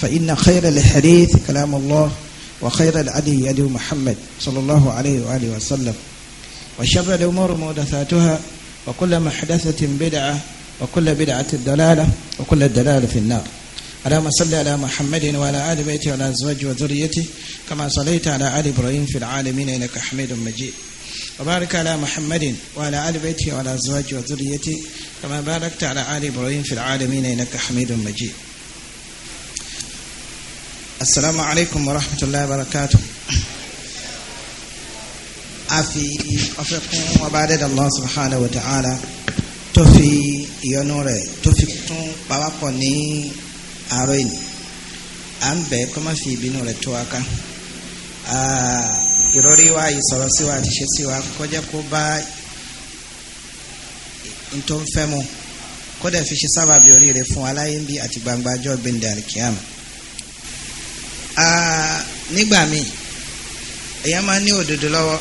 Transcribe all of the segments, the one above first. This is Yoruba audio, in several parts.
فإن خير الحديث كلام الله وخير العدي يد محمد صلى الله عليه وآله وسلم وشر الأمور محدثاتها وكل محدثة بدعة وكل بدعة الدلالة وكل الدلالة في النار اللهم صل على محمد وعلى آل بيته وعلى أزواجه وذريته كما صليت على آل إبراهيم في العالمين إنك حميد مجيد وبارك على محمد وعلى آل بيته وعلى أزواجه وذريته كما باركت على آل إبراهيم في العالمين إنك حميد مجيد السلام عليكم ورحمة الله وبركاته afi ọfẹkun ọba dẹdẹ Allah subhanahu wa ta'ala tó fi ìyọ́nú rẹ̀ tó fi tún pawápọ̀ ní àárọ̀ yìí à ń bẹ̀ kọ́ má fi ìbínú rẹ̀ tó wa ká ìrọ̀rí wa ìsọ̀rọ̀ sí wa àti ṣe sí wa kọjá kó bá n tó ń fẹ́ mu kó dẹ̀ fi ṣe sábàbí oríire fún aláyé ń bí àti gbangba ọjọ́ gbẹ̀ndẹ̀ nígbà míì èèyàn máa ní òdodo lọ́wọ́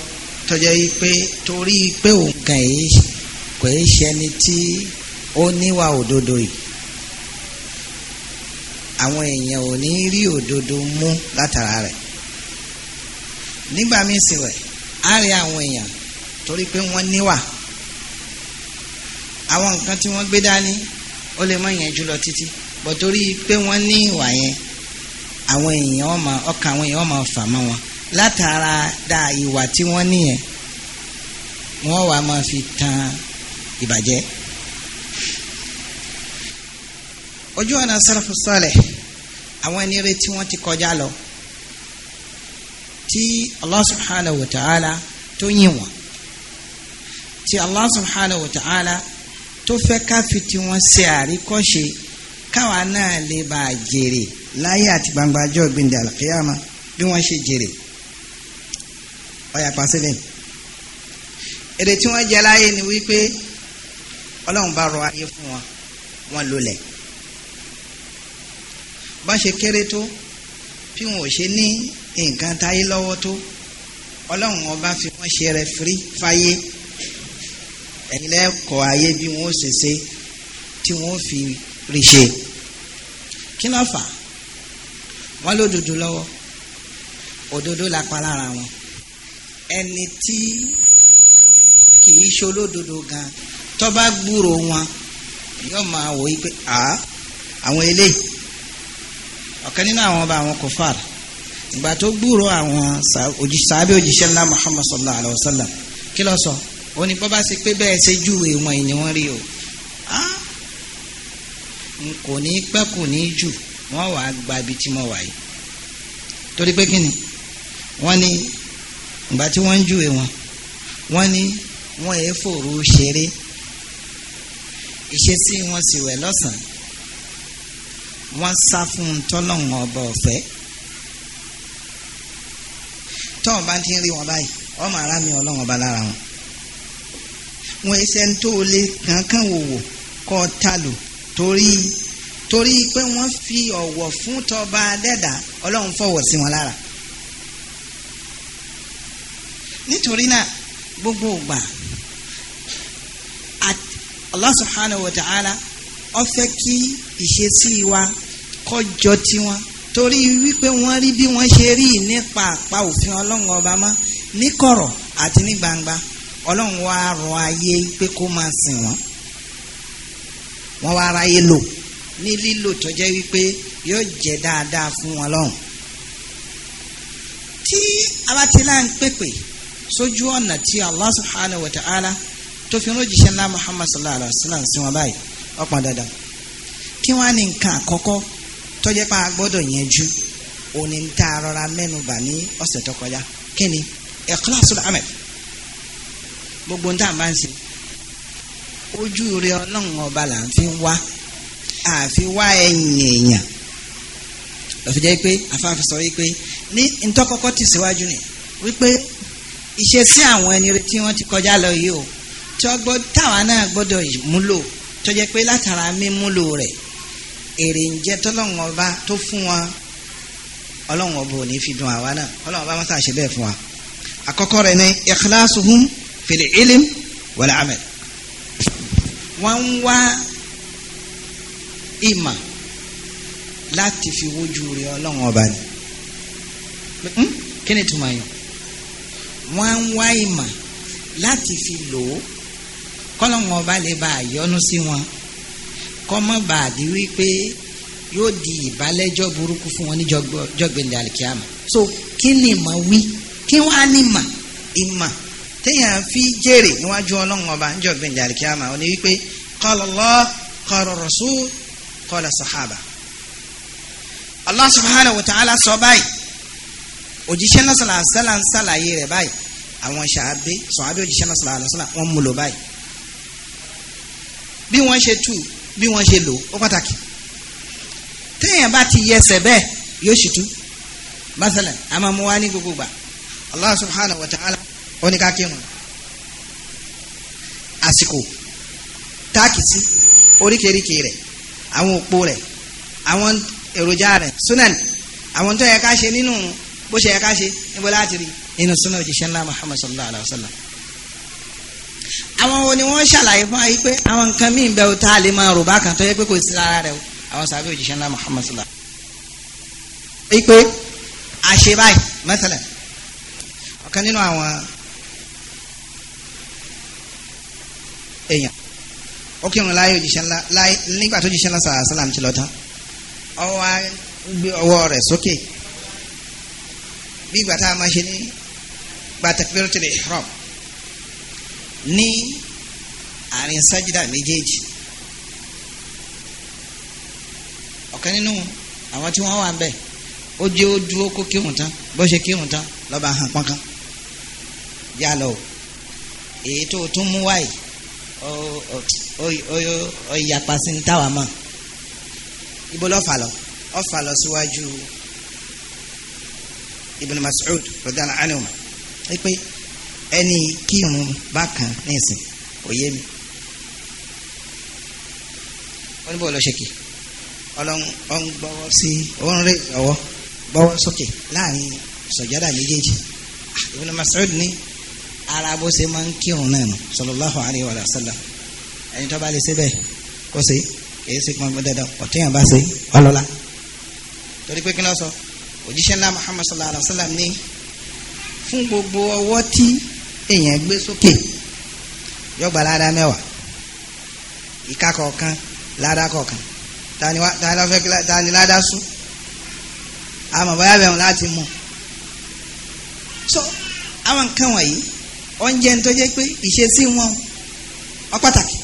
tọ́jà yìí pé torí pé òun kàn yìí kò yìí ṣẹni tí ó níwà òdodo yìí àwọn èèyàn ò ní rí òdodo mú látara rẹ̀ nígbà míì sì wẹ̀ á rí àwọn èèyàn torí pé wọ́n níwà àwọn nǹkan tí wọ́n gbé dání ó lè má yẹn jù títí bọ̀ torí pé wọ́n ní ìwà yẹn àwọn èèyàn ọmọ ọkàn àwọn èèyàn ọmọ fà mọ́ wọn látara da ìwà tí wọ́n níyẹn wọ́n wàá máa fi tan ìbàjẹ́. ojú ọ̀nà sáràfù sọ̀lẹ̀ àwọn ẹni rẹ tí ti kọjá lọ tí Allah subhanahu wa ta'ala tó yìn wọ́n tí Allah subhanahu wa ta'ala tó fẹ́ ká fi tiwọn ṣe àríkọ́ṣe káwa náà lè bá a jèrè láyé àti gbangba ọjọ́ gbẹ̀ndẹ̀ àlùkìyàmá bí wọ́n ṣe jèrè ọ̀yà pàṣẹlẹ̀ èrè tí wọ́n jẹ láyé ni wípé ọlọ́run bá rọ ayé fún wọn wọn lólẹ̀ bá ṣe kéré tó bí wọn ò ṣe ní nǹkan táyé lọ́wọ́ tó ọlọ́run ọba fi wọ́n ṣe rẹfirí fáyé ẹ̀yin lẹ́kọ̀ọ́ ayé bí wọ́n ṣe ṣe tí wọ́n fi rí ṣe kí ló fà wọ́n ló dúdú lọ́wọ́ òdodo la pa lára wọn ẹni tí kì í ṣolódodo gan tó bá gbúrò wọn yóò máa wò yí pé à àwọn eléyìí ọ̀kan nínú àwọn ọba àwọn kòfàr ìgbà tó gbúrò àwọn sàábẹ́ òjíṣẹ́ ńlá Muhammad sallallahu alayhi wa sallam kí ló sọ ó ní bọ́ bá ṣe pé bẹ́ẹ̀ ṣe júwe wọn ni wọ́n rí o n kò ní pẹ́ kò ní jù wọ́n wàá gba ibi tí mo wà yìí torí pé kí ni wọ́n ní ìgbà tí wọ́n ń júwe wọn wọ́n ní wọ́n èé fòrò ṣeré ìṣesí wọn sì wẹ̀ lọ́sàn-án wọ́n sá fún un tọ́lọ́hún ọba ọ̀fẹ́ tọ́wọ́n bá ti ń rí wọn báyìí ọmọ ara mi ọlọ́run ọba lára wọn wọn iṣẹ́ ń tó o lé kankan wò wò kọ́ ọ ta lò torí torí pé wọ́n fi ọ̀wọ̀ fún tọba adẹ́dà ọlọ́run fọwọ́ sí wọn lára nítorí náà gbogbo ìgbà Allah subhanahu wa ta'ala ó fẹ́ kí ìṣesí wa kọjọ tiwọn torí wípé wọ́n rí bí wọ́n ṣe rí nípa àpá òfin ọlọ́run ọba mọ́ ní kọ̀rọ̀ àti ní gbangba ọlọ́run wa rọ ayé pé kó máa sìn wọ́n. wọ́n wá aráyé lò ní lílò tó jẹ́ wípé yóò jẹ́ dáadáa fún wọn lọ́hùn. tí abatila ń pèpè sójú ọ̀nà tí Allah subhanahu wa ta'ala tó fi ránjíṣẹ́ ńlá Muhammad sallallahu alayhi wa sallam sí wọn báyìí ọ̀pọ̀ dandan kí wọ́n á ní nǹkan àkọ́kọ́ tó jẹ́ pé a gbọ́dọ̀ òní ń ta arọra mẹ́nuba ní ọ̀sẹ̀ tó ni gbogbo ń ojú rẹ ọlọ́run ọba là ń fi wá àfi wá ẹ̀yìn èèyàn lọ́fi jẹ́ pé afáfi sọ wípé ní ntọ́kọ́kọ́ ti síwájú ni wípé ìṣesí àwọn ẹni tí wọ́n ti kọjá lọ yìí o tí wọ́n gbọ́ táwa náà gbọ́dọ̀ múlò tó jẹ́ pé látara mímúlò rẹ̀ èrè ń jẹ́ tọ́lọ́run ọba tó fún wọn ọlọ́run ọba ò ní fi dùn àwa náà ọlọ́run ọba máa ṣàṣẹ bẹ́ẹ̀ fún wa àkọ́kọ́ rẹ̀ ni ikhlasuhum fil ilm wal amal wọ́n ń wá ìmọ̀ láti fi wojú rí ọlọ́run ọba ni hmm? kí ni tuma yàn wọ́n ń wá ìmọ̀ láti fi lò ó kọ́lọ́run ọba lè bá àyọ́nú sí wọn kọ́mọ́ bá a di wípé yóò di ìbálẹ́jọ́ burúkú fún wọn ní jọgbẹ́ndé alikiyama so kí ni ìmọ̀ wí kí wọ́n á ní ìmọ̀ ìmọ̀ téèyàn fi jèrè níwájú ọlọ́run ọba níjọ́ gbẹ̀ǹdà àlìkíyàmà ó ní wípé qala Allah qala rasul qala sahaba Allah subhanahu wa ta'ala sọ báyìí òjíṣẹ́ náà sọ̀rọ̀ àṣàlà ń ṣàlàyé rẹ̀ báyìí àwọn ṣàábé ṣàábé òjíṣẹ́ náà sọ̀rọ̀ àṣàlà wọ́n mú lò báyìí bí wọ́n ṣe tù bí wọ́n ṣe lò ó pàtàkì téèyàn bá ti yẹsẹ̀ bẹ́ẹ̀ yóò ṣì tú masalan a máa mú wá ní gbogbo gbà Allah subhanahu wa ta'ala ó ní ká kírun àsìkò táàkìtì oríkèéríkèé rẹ̀ àwọn òpó rẹ̀ àwọn èròjà rẹ̀ sunan àwọn tó yẹ ká ṣe nínú bó ṣe yẹ ká ṣe níbo láti rí nínú sunan òjíṣẹ́ ńlá muhammad sallallahu alayhi wa sallam àwọn wo ni wọ́n ṣàlàyé fún ayé pé àwọn nǹkan míì bẹ́ẹ̀ o tá a lè máa rò bá kan tó yẹ pé kò sí rárá rẹ o àwọn sàbẹ̀ òjíṣẹ́ ńlá muhammad sallallahu alayhi wa sallam. pé àṣe báyìí mẹ́tẹ̀lẹ̀ ọ̀kan nínú àwọn èèyàn ó kírun láyé òjíṣẹ́ ńlá láyé nígbà tó jíṣẹ́ ńlá sàrà sálàm ti lọ tán ọwọ́ á gbé ọwọ́ rẹ̀ sókè bí ìgbà a máa ṣe ní gbàtàkìlérò ihram ní àárín sájídà méjèèjì ọ̀kan nínú àwọn tí wọ́n wà ń bẹ̀ ó jẹ́ ó dúró kó kírun tán bó ṣe kírun tán lọ́ba hàn pọ́nkán yálọ o èyí tó tún mú wáyìí ọ̀yàpá sí ní táwa mọ̀ ibo lọ́ọ́ fà lọ ọ́ fà lọ síwájú Ibn Mas'ud rọ̀dánà ánìwọ̀n ẹ pé ẹni kírun bákan ní ìsìn òye mi wọ́n ní bọ́ọ̀ lọ ṣe kì ọlọ́n gbọ́wọ́ sí òun rẹ̀ ọwọ́ gbọ́wọ́ sókè láàrin sọ̀jádà méjèèjì ah, Ibn Mas'ud ní ara bó ṣe máa ń kírun náà nù sallallahu alayhi wa sallam ẹni tó bá lè ṣe bẹ́ẹ̀ kó ṣe kìí ṣe pọn dandan ọ̀tẹ́yìn bá ṣe ọlọ́lá torí pé kí ni wọ́n sọ òjíṣẹ́ ńlá Muhammad sallallahu alayhi wa sallam ní fún gbogbo ọwọ́ tí èèyàn gbé sókè yọgbà lára mẹ́wàá ìka kọ̀ọ̀kan lára kọ̀ọ̀kan tani wa tani tani ládàá sùn àmọ̀ báyà bẹ̀rù láti mọ̀ so àwọn nǹkan wọ̀nyí oúnjẹ tó jẹ́ pé ìṣesí wọn ó pàtàkì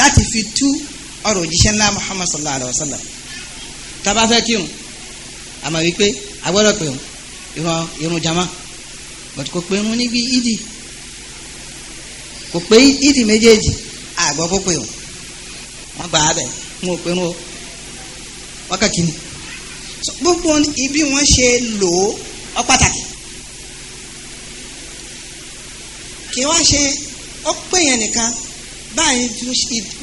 láti fi tú ọ̀rọ̀ òjíṣẹ́ ńlá Muhammad sallallahu alayhi wa sallam tá bá fẹ́ kírun àmọ́ wípé agbọ́dọ̀ pé ìran irun jama but kò pé irun níbi ìdì kò pé ìdì méjèèjì àgbọ̀ kò pé irun wọ́n gbà á bẹ̀ wọn ò pé irun wákàtí ni gbogbo ibi wọ́n ṣe lò ó pàtàkì kì í wá ṣe ó pè yẹn nìkan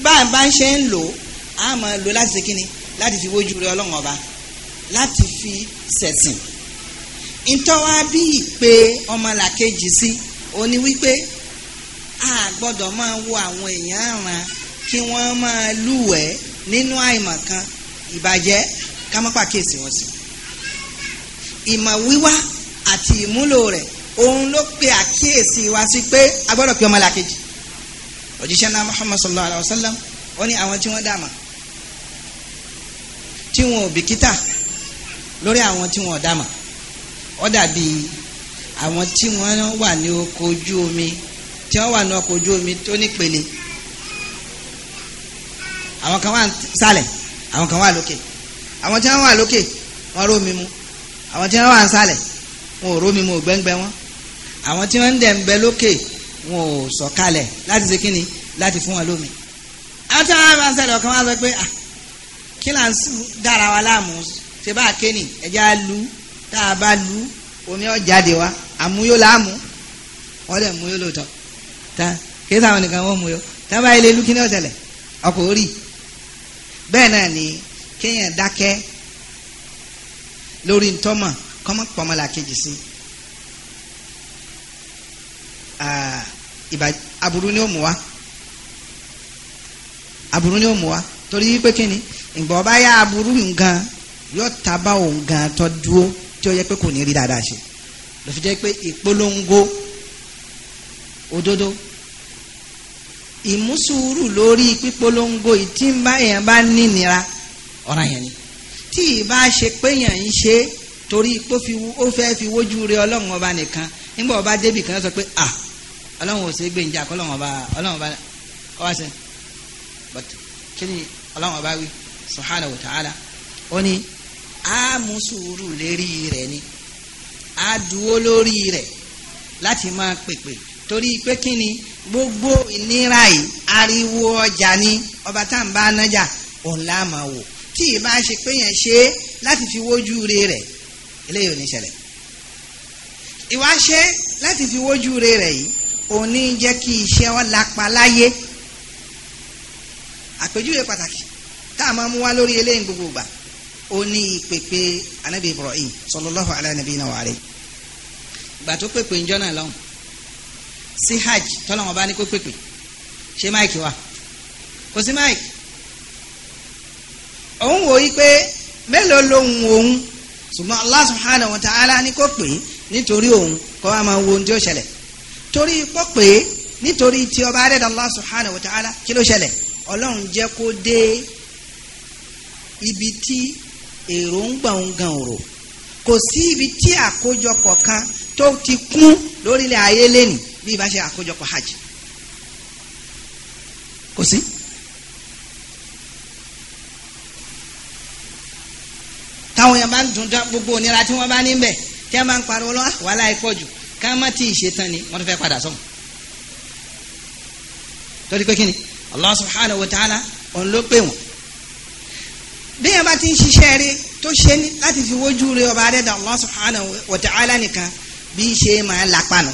bá ń ṣe ń lò á máa lò láti ṣe kíni láti fi wójú rẹ ọlọ́run ọba láti fi ṣẹ̀sìn ntọ́wá bí ìpè ọmọlàkejì sí ó ní wípé a gbọ́dọ̀ máa wo àwọn èèyàn àràn kí wọ́n máa lúwẹ̀ẹ́ nínú àìmọ̀ kan ìbàjẹ́ ká má pàkíyèsí wọn sí ìmọ̀ wíwá àti ìmúlò rẹ̀ òun ló pe àkíyèsí wa sí pé a gbọ́dọ̀ pe ọmọlàkejì òjíṣẹ́ náà Muhammad sallallahu alayhi wa sallam ó ní àwọn tí wọ́n dà mọ̀ tí wọn ò bìkítà lórí àwọn tí wọn ò dà mọ̀ ó dàbí àwọn tí wọ́n wà ní ọkọ̀ ojú omi tí wọ́n wà ní ọkọ̀ ojú omi tó nípele àwọn kan wà sálẹ̀ àwọn kan wà lókè àwọn tí wọ́n wà lókè wọ́n rómi mu àwọn tí wọ́n wà sálẹ̀ wọn rómi mu ògbẹ́ngbẹ́ wọn àwọn tí wọ́n ń dẹ̀ ń bẹ lókè wọn ò sọ̀kalẹ̀ láti ṣe kíni láti fún wọn lómi. àti àwọn àbá ń sẹ̀dọ̀ kan wá sọ pé kí là ń dára wa láàmú ṣe bá a ké ni ẹ̀jẹ̀ á lu tá a bá lu omi ọ̀ jáde wa àmúyó láàmú wọ́n dẹ̀ múyó lóòótọ́ tá kí sáwọn nìkan wọ́n múyó tá bá ilé lu kíní ọ̀sẹ̀lẹ̀ ọkọ̀ orí bẹ́ẹ̀ náà ni kéèyàn dákẹ́ lórí ntọ́mọ̀ kọ́mọ́ pọ́nmọ́lá kejì sí i Ah, aburú ni ó mú wa aburú ni ó mú wa torí wípé kíni ìgbà ọba yá aburú nǹkan yóò taba òun gan tó dúró tí ó yẹ pé kò ní rí dáadáa ṣe lọ́fi jẹ́ pé ìpolongo òdodo ìmúsùúrù lórí pípolongo ìtí ń bá èèyàn bá nínira ọ̀ràn yẹn ni tí ìbá ṣe pé ń ṣe torí pé ó fẹ́ fi wójú rẹ ọlọ́run ọba nìkan nígbà ọba débì kan sọ pé ah ọlọ́run ò sí gbèǹjà kọ́ ọlọ́run ọba ọlọ́run ọba kọ́ wá sí but kí ni ọlọ́run ọba wí subhanahu wa ó ní a mú sùúrù lérí rẹ̀ ni a dúró lórí rẹ̀ láti máa pèpè torí pé kí ni gbogbo ìnira yìí ariwo ọjà ni ọba tá à ń bá nájà òun la máa wò tí ì bá ṣe pé yẹn ṣe é láti fi wojú re rẹ̀ eléyìí ò ní ṣẹlẹ̀ ìwà ṣe láti fi wojú re rẹ̀ yìí òun ní jẹ́ kí iṣẹ́ wọn lapa láyé àpèjúwe pàtàkì tá a máa mú wá lórí eléyìí gbogbo gbà ó ní ìpèpè anabi ibrahim sallallahu ala nabiyina wa alayhi gbà tó pèpè ń jọ́nà lọ́hùn sí hajj tọ́lọ́wọ́n bá ní kó pèpè ṣé máìkì wà kò sí máìkì òun wò yí pé mélòó lòun òun ṣùgbọ́n allah subhanahu wa ta'ala ní kó pè nítorí òun kó wá máa wo ohun tí ó ṣẹlẹ̀ torí pọ́ pé nítorí tí ọba adẹ́dà Allah subhanahu wa ta'ala kí ló ṣẹlẹ̀ ọlọ́run jẹ́ kó dé ibi tí èròǹgbà ń gan òrò kò sí ibi tí àkójọpọ̀ kan tó ti kún lórílẹ̀ ayé lẹ́nu bí ibà ṣe àkójọpọ̀ hajj kò sí. táwọn yẹn bá ń dundun gbogbo onira tí wọ́n bá ní bẹ̀ tí wọ́n bá ń pariwo lọ́wọ́ wàhálà ẹ̀ pọ̀ jù ká má tí ì ṣe tán ni wọ́n fẹ́ padà sọ̀hún torí pé kí ni Allah subhanahu wa ta'ala òun ló pè wọ́n bí yẹn bá ti ń ṣiṣẹ́ rí tó ṣe ní láti fi wójú rí ọba adẹ́dà Allah subhanahu wa ta'ala nìkan bí ṣe máa lápá nù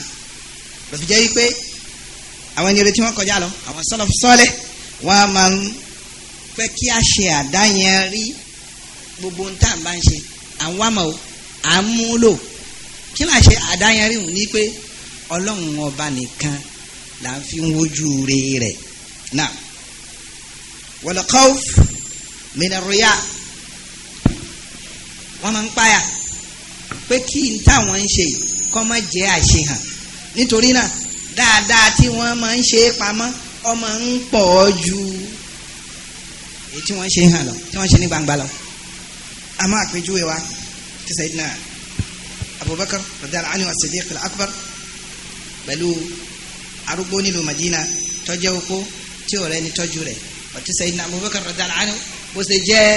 lọ́fi jẹ́ wípé àwọn ẹni retí wọn kọjá lọ àwọn sọlọ sọlẹ wọn máa ń pẹ kí a ṣe àdáyẹn rí gbogbo ntá bá ń ṣe àwọn àmọ́ àmúlò kí là ṣe àdáyẹrí hùn ní pé ọlọ́run ọba nìkan là ń fi wojú re rẹ̀ náà wal khawf min ar-riya wọ́n máa ń páyà pé kí n táwọn ń ṣe kọ́ má jẹ́ àṣehàn nítorí náà dáadáa tí wọ́n máa ń ṣe é pamọ́ ọmọ ń pọ̀ ju èyí tí wọ́n ṣe hàn lọ tí wọ́n ṣe ní gbangba lọ. a máa wa tí Sayyidina abubakar radiyallahu anhu as-siddiq al-akbar pẹ̀lú arúgbó nílùú madina tọ́jẹ́ oko tí ọ̀rẹ́ ni tọ́jú rẹ̀ ọtí sayyidina abubakar radiyallahu anhu bó ṣe jẹ́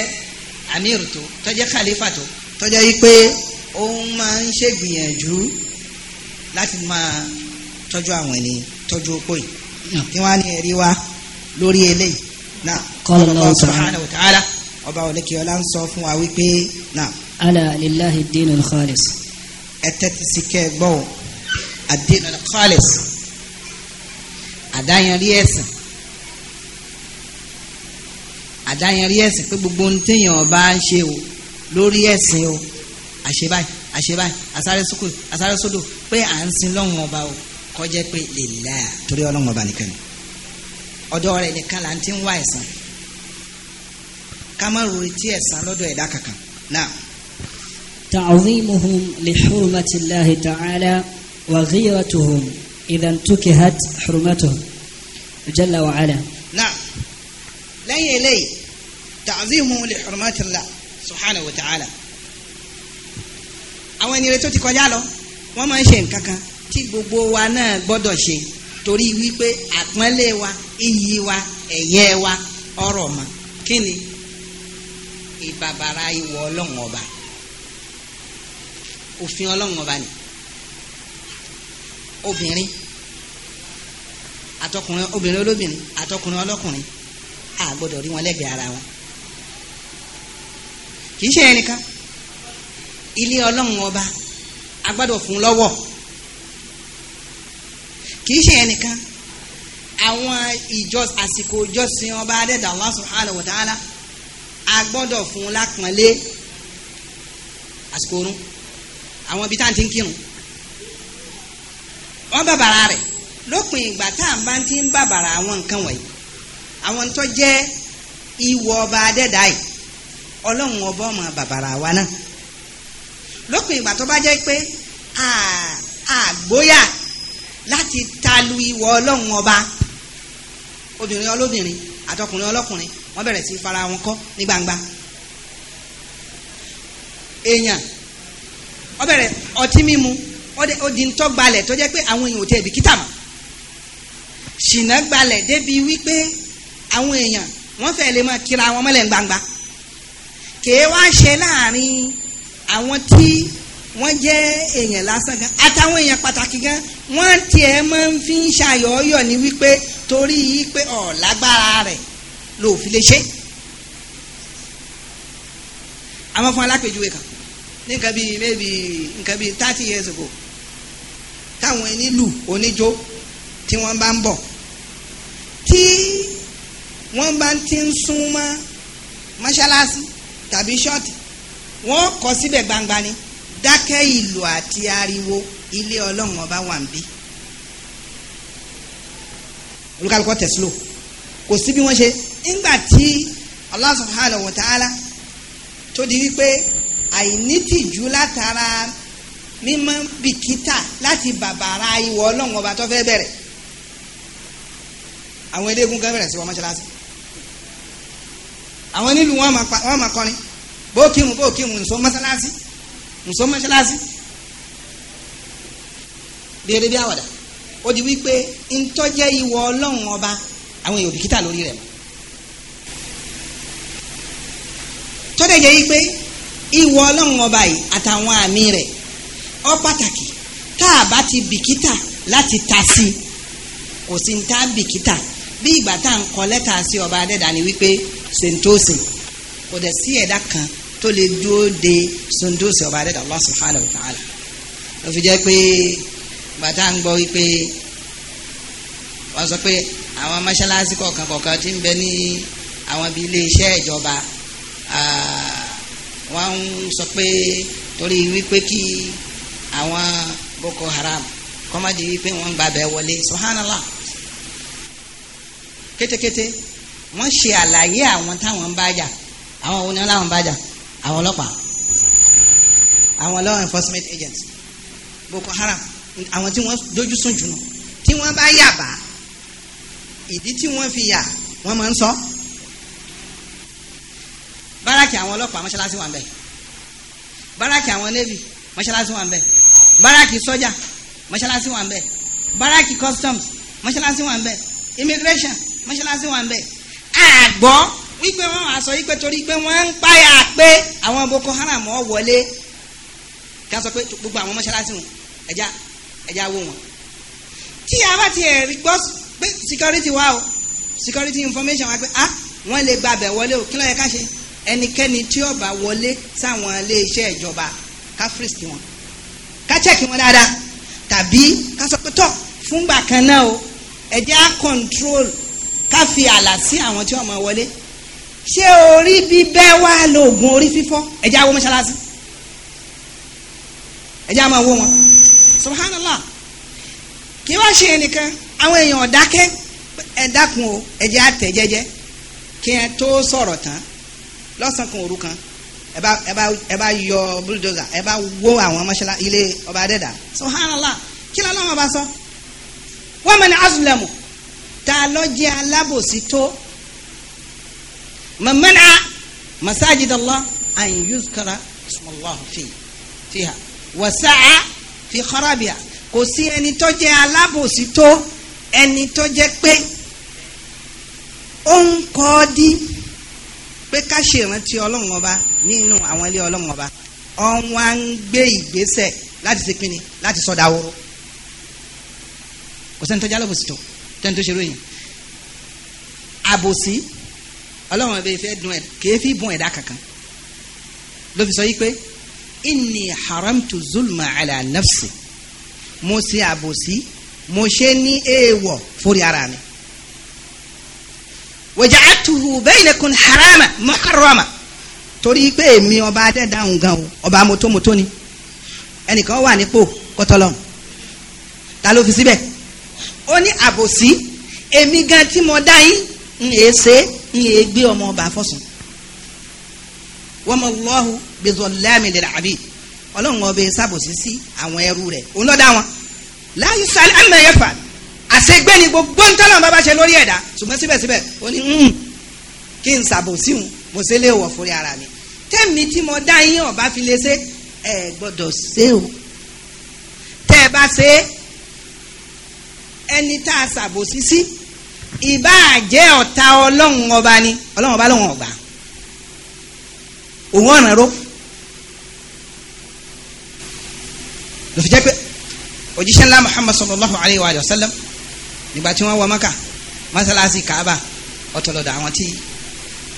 amir tó tọ́jẹ́ khalifa tó tọ́jẹ́ yìí pé òun máa ń ṣègbìyànjú láti máa tọ́jú àwọn ẹni tọ́jú oko yìí kí wọ́n á ní ẹ̀rí wa lórí eléyìí náà Allah subhanahu wa ta'ala ọba òlẹ́kẹ̀ọ́lá ń sọ fún wa wípé náà. ala lillahi ad al-khalis ẹtẹ́tí sí kẹ́ gbọ́ ọ àdínà kọ́lẹ̀s àdáyanrí ẹ̀sìn àdáyanrí ẹ̀sìn pé gbogbo ohun téèyàn ọba ń ṣe o lórí ẹ̀sìn o àṣebáyì àṣebáyì asáré sókò asáré sódò pé à ń sin lọ́hùn ọba o kọjá pé lèlá torí ọlọ́hùn ọba nìkan ni ọ̀dọ̀ nìkan là ń ń wá ẹ̀san ká má retí ẹ̀san lọ́dọ̀ kankan náà. تعظيمهم لحرمة الله تعالى وغيرتهم إذا انتكهت حرمتهم جل وعلا نعم لا يلي تعظيمهم لحرمة الله سبحانه وتعالى àwọn ẹni tó ti kọjá lọ wọn máa ń ṣe nǹkan tí gbogbo wa náà gbọ́dọ̀ ṣe torí wípé àpọ́nlé wa iyì wa ẹ̀yẹ wa ọrọ̀ mọ́ kí ni ìbàbàrà ìwọ ọlọ́run ọba òfin ọlọ́run ọba ni obìnrin àtọkùnrin obìnrin olóbìnrin àtọkùnrin ọlọ́kùnrin a gbọ́dọ̀ rí wọn lẹ́gbẹ̀ẹ́ ara wọn kì í ṣe ẹnìkan ilé ọlọ́run ọba a gbọ́dọ̀ fún lọ́wọ́ kì í ṣe ẹnìkan àwọn ìjọ àsìkò ìjọsìn ọba adẹ́dàá wa ta'ala a gbọ́dọ̀ fún lápọ̀nlé àsìkò orun àwọn ibi tá à ń ti ń kírun wọ́n bàbàrà rẹ̀ lópin ìgbà tá à ń bá ti ń bàbàrà àwọn nǹkan wọ̀nyí àwọn tó jẹ́ ìwọ ọba adẹ́dá yìí ọlọ́run ọba ọmọ bàbàrà wa náà lópin ìgbà tó bá jẹ́ pé àgbóyà láti talu ìwọ ọlọ́run ọba obìnrin olóbìnrin àtọkùnrin ọlọ́kùnrin wọ́n bẹ̀rẹ̀ sí fara wọn kọ́ ní gbangba èèyàn ó bẹ̀rẹ̀ ọtí mímu ó di ntọ́ gbalẹ̀ tó jẹ́ pé àwọn èèyàn ò tẹ̀ bìkítà mọ́ ṣìnà gbalẹ̀ débi wípé àwọn èèyàn wọ́n fẹ́ lè máa kíra wọn mọ́lẹ̀ gbangba kèé wá ṣe láàrin àwọn tí wọ́n jẹ́ èèyàn lásán gan àtàwọn èèyàn pàtàkì gan wọ́n tiẹ̀ máa ń fi ń ṣàyọ̀ọ́yọ̀ ní wípé torí pé ọ̀ lágbára rẹ̀ ló lè ṣe. àwọn fún alápèjúwe kan ní nǹkan bíi maybe nǹkan bíi thirty years ago táwọn onílù oníjó tí wọ́n bá ń bọ̀ tí wọ́n bá ti ń sún mọ́ mọ́ṣáláṣí tàbí ṣọ́ọ̀tì wọ́n kọ síbẹ̀ gbangba ni dákẹ́ ìlú àti ariwo ilé ọlọ́run ọba wà ń bí olùkàlùkọ tẹ̀sílò kò sí bí wọ́n ṣe nígbà tí Allah subhanahu wa ta'ala tó di wípé àìnítìjú látara mímọ́ bìkítà láti bàbàrà ìwọ ọlọ́run ọba tó fẹ́ bẹ̀rẹ̀ àwọn eléégún kan bẹ̀rẹ̀ sí wọn mọ́ṣáláṣí àwọn nílùú wọn máa kọrin bó kírun bó kírun nsọ mọ́ṣáláṣí nsọ mọ́ṣáláṣí béèrè bí àwàdà ó di wípé ntọ́jẹ́ ìwọ ọlọ́run ọba àwọn èèyàn bìkítà lórí rẹ̀ mọ́ yẹ yí pé ìwọ ọlọ́run ọba yìí àtàwọn àmì rẹ̀ ọ pàtàkì tá a bá ti bìkítà láti ta sí i kò sí ní tá a bìkítà bí ìgbà tá à ń kọ lẹ́tà sí ọba adẹ́dà ni wípé sèǹtòsè kò dẹ̀ sí ẹ̀dá kan tó lè dúró de sèǹtòsè ọba adẹ́dà Allah subhanahu wa ta'ala ló fi jẹ́ pé ìgbà tá à ń gbọ́ wípé wọ́n sọ pé àwọn mọ́ṣáláṣí kọ̀ọ̀kan kọ̀ọ̀kan ti ń bẹ ní àwọn ibi iléeṣẹ́ ìjọba. Uh, wọ́n ń sọ pé torí wípé kí àwọn Boko Haram kọ́mọ́dé wípé wọ́n ń gbàbẹ̀ wọlé subhanallah kétékété wọ́n ṣe àlàyé àwọn táwọn ń bá jà àwọn òun ni wọ́n láwọn ń bá jà àwọn ọlọ́pàá àwọn law enforcement agents Boko Haram àwọn tí wọ́n dojú sùn jùlọ tí wọ́n bá yà bá ìdí tí wọ́n fi yà wọ́n máa ń sọ. So báràkì àwọn ọlọ́pàá mọ́ṣáláṣí wà ń bẹ̀ báràkì àwọn navy mọ́ṣáláṣí wà ń bẹ̀ báràkì sọ́jà mọ́ṣáláṣí wà ń bẹ̀ báràkì customs mọ́ṣáláṣí wà ń bẹ̀ immigration mọ́ṣáláṣí wà ń bẹ̀ àgbọ̀ wípé wọ́n á sọ wípé torí pé wọ́n ń páyà pé àwọn boko haram ọ̀ wọlé ká sọ pé gbogbo àwọn mọ́ṣáláṣí wọn ẹja ẹja wó wọn tí a bá ti rí gbọ́ pé security wa o security information wa pé ah wọ́n lè gbàbẹ̀ wọlé o kí ló yẹ ká ṣe ẹnikẹ́ni tí ó bá wọlé sáwọn iléeṣẹ́ ìjọba ká fírìsì wọn ká chẹ́kì wọn dáadáa tàbí ká sọ pé tọ́ fúngbà kan náà o ẹ jẹ́ á control ká fi àlà sí àwọn tí wọ́n máa wọlé ṣé orí bíbẹ́ wá lo oògùn orí fífọ́ ẹ jẹ́ á wọ mọ́ṣáláṣí ẹ jẹ́ á máa wọn subhanallah kí wá ṣe ẹnìkan àwọn èèyàn ọ̀dákẹ́ ẹ dákun o ẹ jẹ́ á kí ẹ tó sọ̀rọ̀ tán lọ́sàn kan òru kan ẹ bá ẹ bá ẹ bá yọ bulldozer ẹ bá wó àwọn mọ́ṣálá ilé ọba adẹ́dà subhanallah kí ló lọ́wọ́ bá sọ. wọ́n mọ̀ ní azulẹ̀mù ta ló jẹ́ alábòsí tó mọ̀mọ́nà masajidallah an yuzkara bisimilah fi fiha wasa'a fi kharabia kò sí ẹni tó jẹ́ alábòsí tó ẹni tó jẹ́ pé ó ń kọ́ dín pé ká ṣe ìrántí ọlọ́run ọba nínú àwọn ilé ọlọ́run ọba ọ̀wọ́n à ń gbé ìgbésẹ̀ láti ṣe kínni láti sọ̀dà ahoro kò sẹ́ni tó jálọ̀ bòsì tó tẹ́ni tó ṣe ròyìn àbòsí ọlọ́run ọba ìfẹ́ dùn ẹ̀ kì í fi bùn ẹ̀dá kankan ló fi sọ yí pé inni haramtu zulma ala nafsi mo ṣe àbòsí mo ṣe ní èèwọ̀ fórí ara mi waja'atuhu bainakum harama muharrama torí pé èmi ọba adẹ́dáhùn gan o ọba motomoto ni ẹnìkan wà nípò kọtọlọ ta ló fi síbẹ̀ ó ní àbòsí èmi gan tí mo dá yín ń èé ṣe ń èé gbé ọmọ ọba àfọ̀sùn wamallahu bizallami lil abid ọlọ́run ọba ẹ̀ sábòsí sí àwọn ẹrú rẹ̀ òun ló dá wọn la yusal amma yafal àṣegbé ni gbogbo ń tọ́lọ̀ bá bá ṣe lórí ẹ̀dá ṣùgbọ́n síbẹ̀síbẹ̀ ó ní hmm, kí n ṣàbòsí òun mo ṣe lé wọ̀ fúnra ara mi tẹ́mi tí mo dá yín ọ̀bá fi lè ṣe ẹ gbọ́dọ̀ ṣe o tẹ́ ẹ bá ṣe ẹni tá a ṣàbòsí sí ìbá jẹ́ ọ̀tá ọlọ́run ọba ni ọlọ́run ọba lòun ọ̀gbà òun ọ̀nà ró lọ́fi jẹ́ pé òjíṣẹ́ ńlá Muhammad sallallahu alayhi wa sallam nígbà tí wọ́n wọ mọ́kà mọ́ṣáláṣí kaaba ọ̀tọ̀ lọ́dọ̀ àwọn tí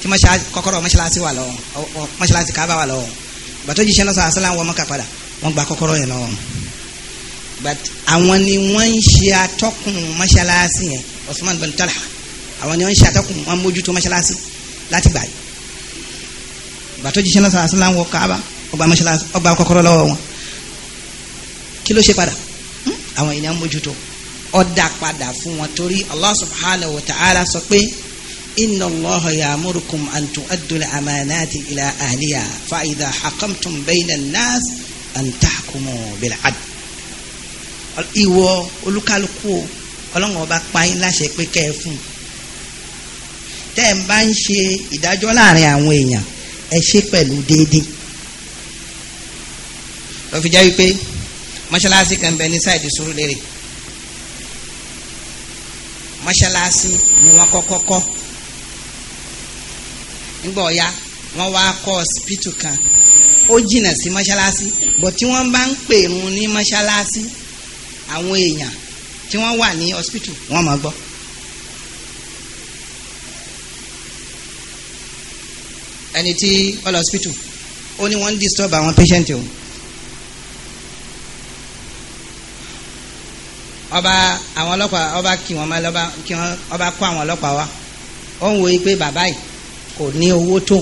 tí kọ́kọ́rọ́ mọ́ṣáláṣí wà lọ́wọ́ mọ́ṣáláṣí kaaba wà lọ́wọ́ ìgbà tó jíṣẹ́ lọ́sọ̀ àṣálà wọ mọ́kà padà wọ́n gba kọ́kọ́rọ́ yẹn lọ́wọ́ but àwọn ni wọ́n ń ṣe atọ́kùn mọ́ṣáláṣí yẹn Osman bin Talha àwọn ni wọ́n ń ṣe atọ́kùn wọn mójútó mọ́ṣáláṣí láti gbà yìí ìgbà tó jíṣẹ́ lọ́sọ̀ àṣálà wọ kaaba ọgbà mọ́ṣáláṣí ọgbà kọ́kọ́rọ́ lọ́wọ́ wọn kí ló ṣe padà hmm? àwọn ènìyàn mójútó ọ̀dà padà fún wọn torí Allah subhanahu wa ta'ala sọ pé inna Allah ya'murukum an tu'addu al-amanati ila ahliha fa idha hakamtum bayna an-nas an tahkumu bil-'adl. ìwọ olúkálukú o ọlọ́run ọba pa yín láṣẹ pé kẹ́ ẹ fún un tẹ́ ẹ bá ń ṣe ìdájọ́ láàrin àwọn èèyàn ẹ ṣe pẹ̀lú déédéé lọ́fi wípé mọ́ṣáláṣí kan bẹ ní sáìdì Surulere mọ́ṣáláṣí ni wọ́n kọ́kọ́ kọ́ nígbà ọ̀ya wọ́n wá kọ́ ọ̀sìpìtù kan ó jìnà sí mọ́ṣáláṣí bọ̀ tí wọ́n bá ń pè mu ní mọ́ṣáláṣí àwọn èèyàn tí wọ́n wà ní ọ̀sìpìtù wọ́n máa gbọ́. ẹni tí ó lọ ọ̀sìpìtù ó ní wọ́n ń disturb àwọn patient òun ọba àwọn ọlọ́pàá ọba kí wọ́n máa lọ́ba kí wọ́n ọba kó àwọn ọlọ́pàá wa ó ń wo pé bàbá yìí kò ní owó tó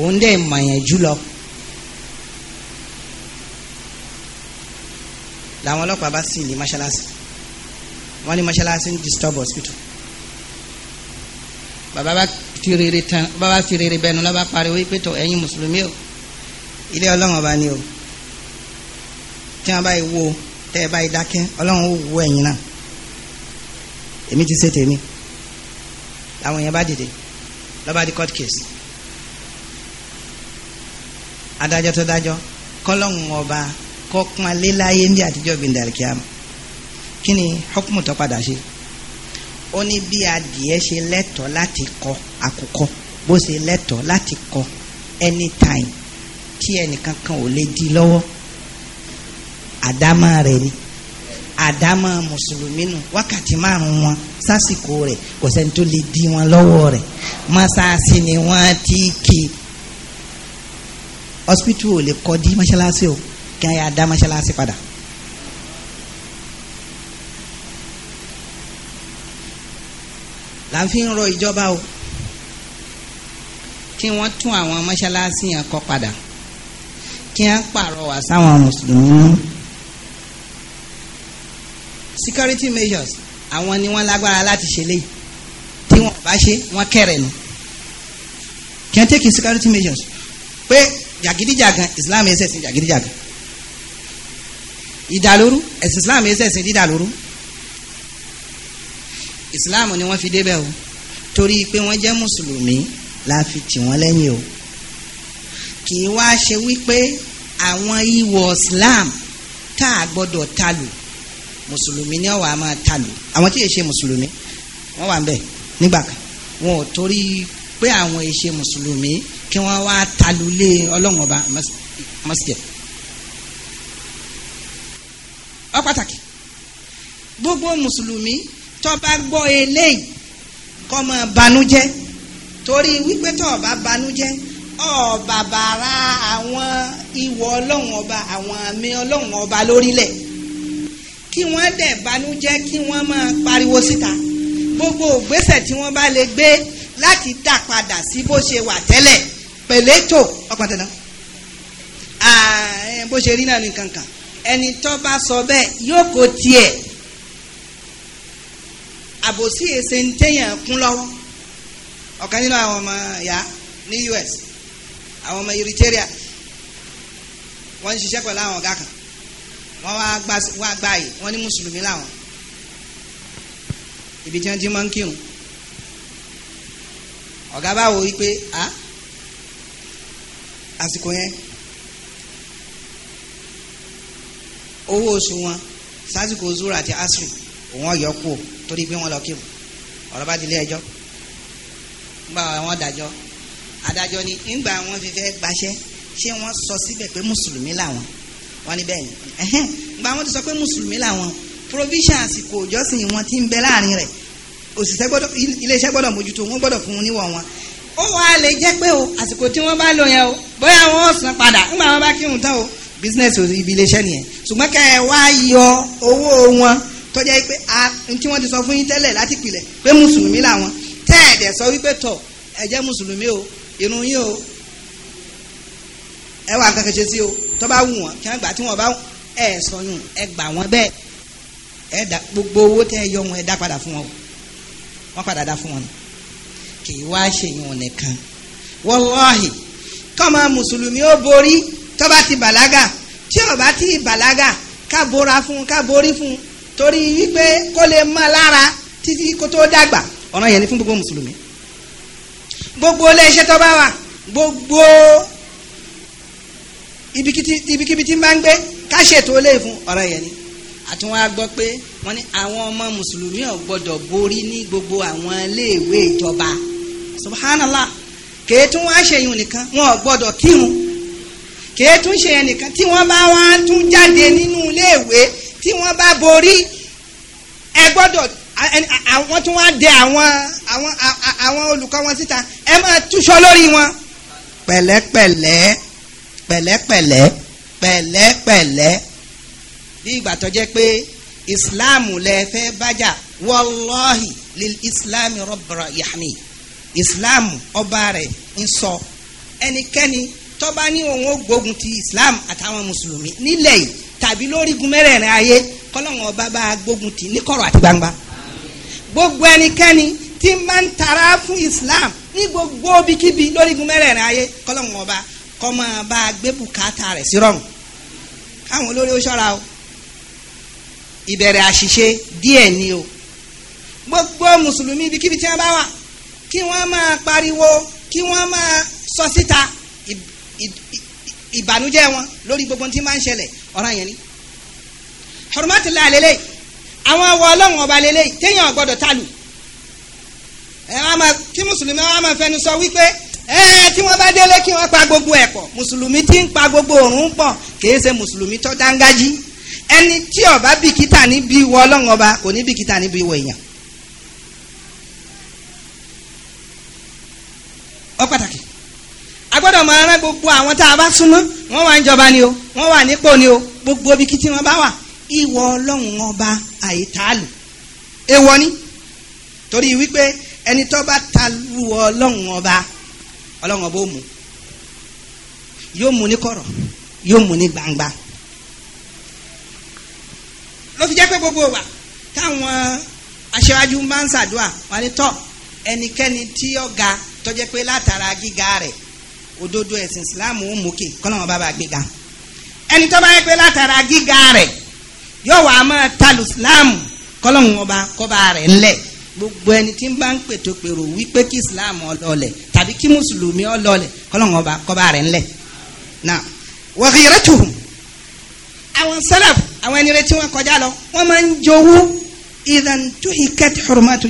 òun dẹ̀ mọ̀yàn jùlọ. làwọn ọlọ́pàá bá sì ní mọ́ṣáláṣí wọ́n ní mọ́ṣáláṣí ń disturb hospital bàbá bá fi rere tán bàbá bá fi rere bẹnu lọ́ba pariwo pé tó ẹ̀yin mùsùlùmí o ilé ọlọ́run ọba ni o tí wọ́n bá yìí wo tẹ́ ẹ báyìí dákẹ́ ọlọ́run ó wọ ẹ̀yìn náà èmi ti ṣe tèmi làwọn yẹn bá dìde lọ́ba di court case adájọ́ tó dájọ́ kọ́lọ́hún ọba kọ́pọ́nlé láyé ní àtijọ́ gbìndàlìkíyàmù kí ni hukumu tó padà ṣe ó ní bí adìẹ ṣe lẹ́tọ̀ọ́ láti kọ àkùkọ bó ṣe lẹ́tọ̀ọ́ láti kọ anytime tí ẹnìkan kan ò lè di lọ́wọ́ àdámọ́ rẹ̀ ni àdámọ́ mùsùlùmí nù wákàtí márùn wọn sásìkò rẹ̀ kò sẹ́ni tó lè di wọn lọ́wọ́ rẹ̀ mọ́sáàsì ni wọ́n ti kì í hospital ò lè kọ́ di mọ́ṣáláṣí o kí wọ́n yà dá mọ́ṣáláṣí padà. là rọ ìjọba o kí wọ́n tún àwọn mọ́ṣáláṣí yẹn kọ́ padà kí wọ́n pààrọ̀ wá sáwọn mùsùlùmí nù security measures àwọn ni wọ́n lágbára láti ṣe léyìí tí wọ́n bá ṣe wọ́n kẹ̀rẹ̀ nu can take security measures pé jàgídíjàgan Islam ẹ̀ sẹ̀sìn jàgídíjàgan ìdàlóru ẹ̀sìn Islam ẹ̀ sẹ̀sìn dídàlóru Islam ni wọ́n fi débẹ̀ o torí pé wọ́n jẹ́ mùsùlùmí la fi tì wọ́n lẹ́yìn o kì í wá ṣe wípé àwọn ìwọ̀ Islam tá a gbọ́dọ̀ ta lò mùsùlùmí ni wàá máa ta lù àwọn tí yẹ ṣe mùsùlùmí wọ́n wà ń bẹ̀ nígbà kan wọn ò torí pé àwọn ìṣe mùsùlùmí kí wọ́n wá talulé ọlọ́run ọba masjid ọ pàtàkì gbogbo mùsùlùmí tó bá gbọ́ eléyìí kó má banújẹ́ torí wípé tó bá banújẹ́ ọ̀bàbàrà àwọn ìwọ ọlọ́run ọba àwọn àmì ọlọ́run ọba lórílẹ̀ kí wọ́n dẹ̀ banújẹ́ kí wọ́n máa pariwo síta gbogbo ògbésẹ̀ tí wọ́n bá lè gbé láti dá padà sí bó ṣe wà tẹ́lẹ̀ pẹ̀lẹ́tò ọ̀pọ̀ tẹ̀lé bó ṣe rí náà ní kankan ẹni tó bá sọ bẹ́ẹ̀ yóò kó tiẹ̀ àbòsí èsè ń téèyàn kún lọ́wọ́ ọ̀kan nínú àwọn ọmọ ìyá ní US àwọn ọmọ Eritrea wọ́n ń ṣiṣẹ́ pẹ̀lú àwọn ọ̀gá kan wọ́n wá gbà yìí wọ́n ní mùsùlùmí làwọn ibi tí wọ́n ti máa ọ̀gá bá wò wípé a àsìkò yẹn owó oṣù wọn sásìkò zura àti asri òun ọ̀yọ́ kú torí pé wọ́n lọ kírun ọ̀rọ̀ bá ti lé ẹjọ́ nígbà wọn dájọ́ adájọ́ ni nígbà wọn fi fẹ́ gbaṣẹ́ ṣé wọ́n sọ síbẹ̀ pé mùsùlùmí làwọn wọ́n ní bẹ́ẹ̀ ni ẹ̀hẹ́n gba wọn ti sọ pé mùsùlùmí làwọn provision àsìkò ìjọsìn wọn ti ń bẹ láàrin rẹ̀ òṣìṣẹ́ gbọ́dọ̀ iléeṣẹ́ gbọ́dọ̀ mójútó wọn gbọ́dọ̀ fún níwọ̀ wọn ó wàá lè jẹ́ pé o àsìkò tí wọ́n bá lò yẹn o bóyá wọn ò san padà nígbà wọn bá kírun tán o business ibi iléeṣẹ́ nìyẹn ṣùgbọ́n kẹ́ ẹ wá yọ owó wọn tó jẹ́ pé a tí wọ́n ti sọ fún yín tẹ́lẹ̀ láti pilẹ̀ pé mùsùlùmí làwọn tẹ́ẹ̀dẹ̀ sọ wípé tọ̀ ẹ jẹ́ mùsùlùmí o ìrun yín o ẹ wà nǹkan kẹsẹ sí o tó bá wù wọn kí wọn gbà tí wọn bá ẹ sọyún ẹ gbà wọn bẹ́ẹ̀ ẹ dá gbogbo owó tẹ ẹ yọ wọn ẹ dá padà fún wọn o wọn padà dá fún wọn ni kì í wá ṣèyún wọn nìkan wọlọ́ọ̀hì kọ́mọ mùsùlùmí ó borí tó bá ti bàlágà tí ò bá ti bàlágà ká bora fún ká borí fún torí wípé kó lè mọ́ lára títí kó tó dàgbà ọ̀ràn yẹn ni fún gbogbo mùsùlùmí gbogbo iléeṣẹ́ tó bá wà gbogbo ibikíbi tí ń bá ń gbé ká ṣètò ilé ìfún ọ̀rọ̀ yẹn ni àti wọn á gbọ́ pé wọ́n ní àwọn ọmọ mùsùlùmí ò gbọ́dọ̀ borí ní gbogbo àwọn iléèwé ìjọba subhanallah kèé tún wá ṣèyún nìkan wọn ò gbọ́dọ̀ kírun kèé tún ṣèyún nìkan tí wọ́n bá wá tún jáde nínú iléèwé tí wọ́n bá borí ẹ gbọ́dọ̀ wọ́n tún wá dẹ àwọn àwọn àwọn olùkọ́ wọn síta ẹ máa túṣọ lórí wọn pẹ̀lẹ́pẹ̀lẹ́. pẹ̀lẹ́pẹ̀lẹ́ pẹ̀lẹ́pẹ̀lẹ́ bí ìgbà tó jẹ́ pé ìsìláàmù lẹ fẹ́ bájà wọ́lọ́hì lil ìsìláàmù rọ́bàrà yàmi ìsìláàmù ọba rẹ̀ ń sọ ẹnikẹ́ni ní òun ó islam àtàwọn mùsùlùmí nílẹ̀ yìí tàbí lórí igun mẹ́rẹ̀ẹ̀rin ayé kọ́lọ́hún ọba bá gbógun ti gbangba gbogbo ẹnikẹ́ni tí máa ń tara fún islam ní gbogbo bíkíbi lórí igun mẹ́rẹ̀ẹ̀rin ayé kọ́lọ́hún kọ́ máa bá a gbé bùkátà rẹ̀ sí rọrùn káwọn olórí ó ṣọ́ra o ìbẹ̀rẹ̀ àṣìṣe díẹ̀ ni o gbogbo mùsùlùmí ibikíbi tí wọ́n bá wà kí wọ́n máa pariwo kí wọ́n máa sọ síta ìbànújẹ́ wọn lórí gbogbo tí máa ń ṣẹlẹ̀ ọ̀ràn yẹn ni. hurmatullah àlélẹ́ àwọn ọwọ́ ọlọ́run ọba lélẹ́ téèyàn ò tálù kí mùsùlùmí wa máa fẹnu sọ wípé ẹ tí wọ́n bá délé kí wọ́n pa gbogbo ẹ̀ pọ̀ mùsùlùmí tí ń pa gbogbo òrùn pọ̀ kì í ṣe mùsùlùmí tó dángájí ẹni tí ọba bìkítà níbi ìwọ ọlọ́run ọba kò ní bìkítà níbi ìwọ èèyàn. ó pàtàkì a gbọ́dọ̀ máa rán gbogbo àwọn tá a bá súnmọ́ wọ́n wà níjọba ni o wọ́n wà nípò ni o gbogbo ibi tí wọ́n bá wà ìwọ ọlọ́run ọba àìtàlù èèwọ̀ ni torí wípé ẹni tó bá ta lu ọlọ́run ọba ọlọ́run ọba ó mú yóò mú ní kọ̀rọ̀ yóò mú ní gbangba ló fi jẹ́ pé gbogbo wa táwọn aṣáájú máa ń ṣàdúà wọn ni tọ́ ẹnikẹ́ni tí ó ga tó jẹ́ pé látara gíga rẹ̀ òdodo ẹ̀sìn Islam ó mókè kọ́lọ́wọ́n bá bá gbéga ẹni tó bá yẹ pé látara gíga rẹ̀ yóò wá máa talu Islam kọ́lọ́wọ́n ọba kọ́ba rẹ̀ ńlẹ̀ gbogbo ẹni tí ń bá ń pètò wípé kí Islam ọlọ́ọ̀lẹ̀ tàbí kí mùsùlùmí ọlọ́ọ̀lẹ̀ kọ́lọ́hún ọba kọ́ba rẹ̀ ńlẹ̀ náà wa ghiratuhum àwọn salaf àwọn ẹni rẹ̀ tí wọ́n kọjá lọ wọ́n máa ń jowú idhan tuhikat hurumatu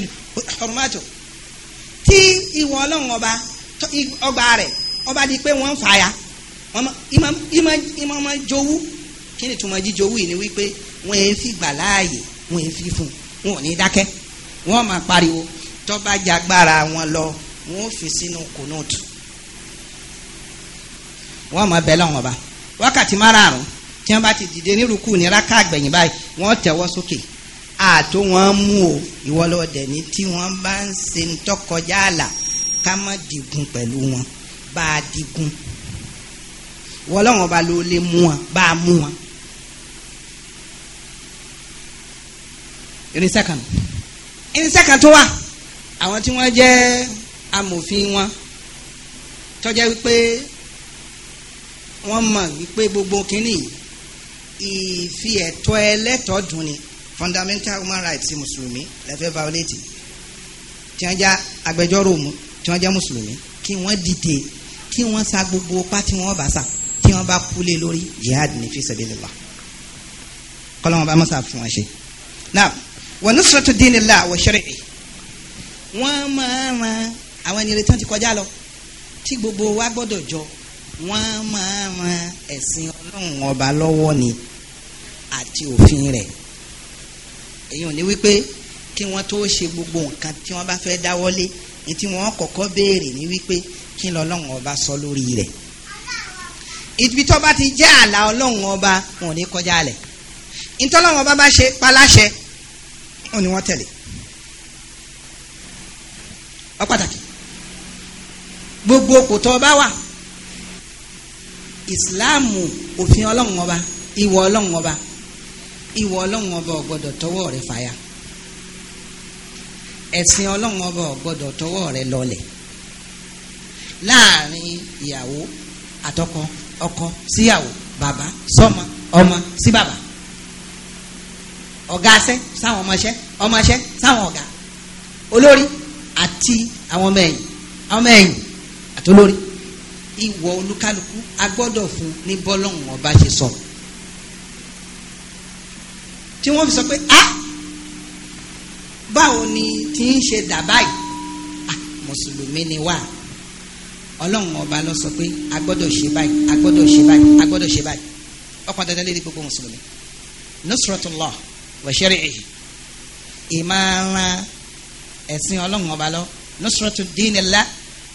hurumatu tí ìwọ ọlọ́hún ọba ọgbà rẹ̀ ọba di pé wọ́n ń fàya ìmọ̀ máa jowú kí ni tùmọ̀ jíjowú yìí ni wípé wọ́n èé fi gbà láàyè wọ́n èé fi fún wọn ò ní dákẹ́ wọ́n máa pariwo tó jagbára wọn lọ wọn ò fi sínú kònóòtù wọn máa bẹ lọ́wọ́n ba wákàtí márààrún tí wọn bá ti dìde ní rúkú ní raka àgbẹ̀yìn báyìí wọn tẹ̀wọ́ sókè àtó wọn mú o ìwọ lọ dẹ̀ ní tí wọn bá ń ṣe ń tọkọjá àlà ká má digun pẹ̀lú wọn bá a digun wọ́n lọ́wọ́n ba ló lè mú wọn bá a mú wọn. irinṣẹ́ kan irinṣẹ́ kan tó wà àwọn tí wọ́n jẹ́ amòfin wọn tọ́já wípé wọ́n mọ̀ wípé gbogbo kínní ìfi ẹ̀tọ́ ẹlẹ́tọ̀ọ́ dùn fundamental human rights mùsùlùmí lẹ́fẹ́ violate tí wọ́n já agbẹjọ́rò mu tí wọ́n já mùsùlùmí kí wọ́n dìde kí wọ́n sa gbogbo ọpá tí wọ́n bá sa tí wọ́n bá kúlé lórí jihad ní fi sabilillah kọ́lọ́mọ bá mọ́sá fún wọn ṣe. now wa nusratu dinillah wa shar'i wọ́n máa ran àwọn ẹni retí wọn ti kọjá lọ tí gbogbo wa gbọ́dọ̀ jọ wọ́n máa ran ẹ̀sìn ọlọ́run ọba lọ́wọ́ ni àti òfin rẹ̀ èyàn ní wípé kí wọ́n tó ṣe gbogbo nǹkan tí wọ́n bá fẹ́ dáwọ́lé ní tí wọ́n béèrè ní wípé kí lọ́lọ́run ọba sọ lórí rẹ̀ ibi tó bá ti jẹ́ àlà ọlọ́run ọba wọn ò ní kọjá lẹ̀ ìtọ́lọ́run ọba bá ṣe paláṣẹ wọn ni wọ́n tẹ̀lé ọ pàtàkì gbogbo kòtọ́ bá wà ìsìláàmù òfin ọlọ́run ọba ìwọ ọlọ́run ọba ìwọ ọlọ́run ọba ò gbọ́dọ̀ tọwọ́ rẹ fàyà ẹ̀sìn ọlọ́run ọba ò gbọ́dọ̀ tọwọ́ rẹ lọlẹ̀ láàrin ìyàwó àtọkọ ọkọ síyàwó bàbá sọmọ ọmọ sí bàbá ọ̀gá asẹ́ sáwọn ọmọọṣẹ́ ọmọọṣẹ́ sáwọn ọ̀gá olórí àti àwọn ọmọ ẹ̀yìn ọmọ ẹ̀yìn tó lórí ìwọ olúkálukú a gbọ́dọ̀ fún ní bọ́lọ́hùn ọba ṣe sọ tí wọ́n fi sọ pé a ah! báwo ni tí ń ṣe dà báyìí ah! mùsùlùmí ni wà ọlọ́run ọba ló sọ pé a gbọ́dọ̀ ṣe báyìí a gbọ́dọ̀ ṣe báyìí a gbọ́dọ̀ ṣe báyìí ọkọ̀ dandan lè di gbogbo mùsùlùmí nusratullah wa shari'ihi ìmọ̀ ẹ̀sìn ọlọ́run ọba lọ nusratu dinillah